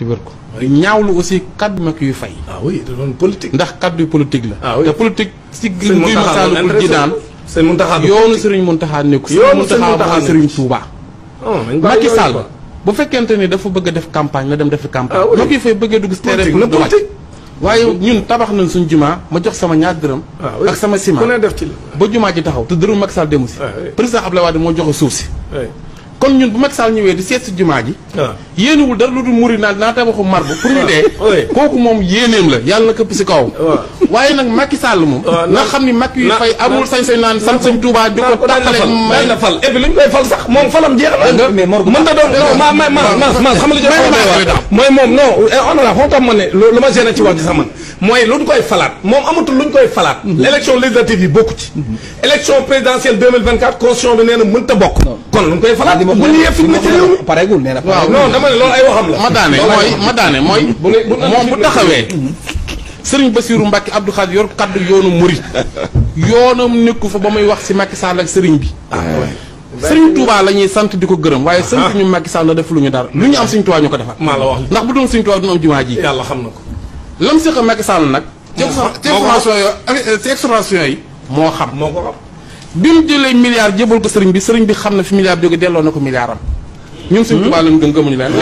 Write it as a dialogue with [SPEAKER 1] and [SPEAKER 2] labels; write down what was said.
[SPEAKER 1] ci wér ko ñaawlu aussi kaddu mag yu fay. ah oui da doon politique. ndax kaddu politique la. ah oui te politique. si guy Masaalikul Jinaan sëñ Muntaxa yoonu Serigne Muntaxa nekk Serigne Muntaxa mooy Serigne Touba. Ah, Macky Sall bu fekkente ni dafa bëgg def campagne na dem defi campagne. ah oui dugg si terrain na waaye ñun tabax nañ suñ jumaa ma jox sama ñaar dërëm. Ah ak sama ciment ku ne def ci la. ba jumaa ji taxaw te dërëm mag Sall demu si. Ah président Abdoulaye Wade moo joxe suuf si. kon ñun bu Macky Sall ñëwee di seet si jumaa ji Ah. yéenewul dara lu dul muri naa naa tabaxu marbu ah. pour ñu dee kooku moom yéeneem la yàlla na këpp si kawam ah. waaye nag Macky Sall moom nga xam ni Macky yu fay amul sañ-sañ naan sant sëñ Touba di na fal et puis na mën eh, ta lu ma gêné ci wax ji sax man mooy lu ñu koy falaat moom amatul lu ñu koy falaat mm-hmm. l'élection législative yi bokku ci mm-hmm. élection présidentielle 2024 constitution bi nee na mën ta bokk kon lu ñu koy falaat bu ñu yee fitna ci réew mi pareegul nee non dama ne loolu ay waxam la. ma daane mooy ma daane mooy. moom bu taxawee. sëriñ Bassirou Mbacke Abdou Khadre yor kaddu yoonu Mouride. yoonam nekku fa ba muy wax si Macky Sall ak sëriñ bi. Ah, sëriñ Touba la ñuy sant di ko gërëm waaye sant ñu Macky Sall na def lu ñu dara lu ñu am sëriñ Touba ñu ko defal maa la wax ndax bu doon sëriñ Touba du ñu am jumaa ji yàlla xam na ko lam si xam nag ci extorsion yo ci extorsion yi moo xam moo ko xam bi mu jëlee milliard jébal ko sëriñ bi sëriñ bi xam na fi milliard jóge delloo na ko milliard ñun suñ tubaab lañ gëm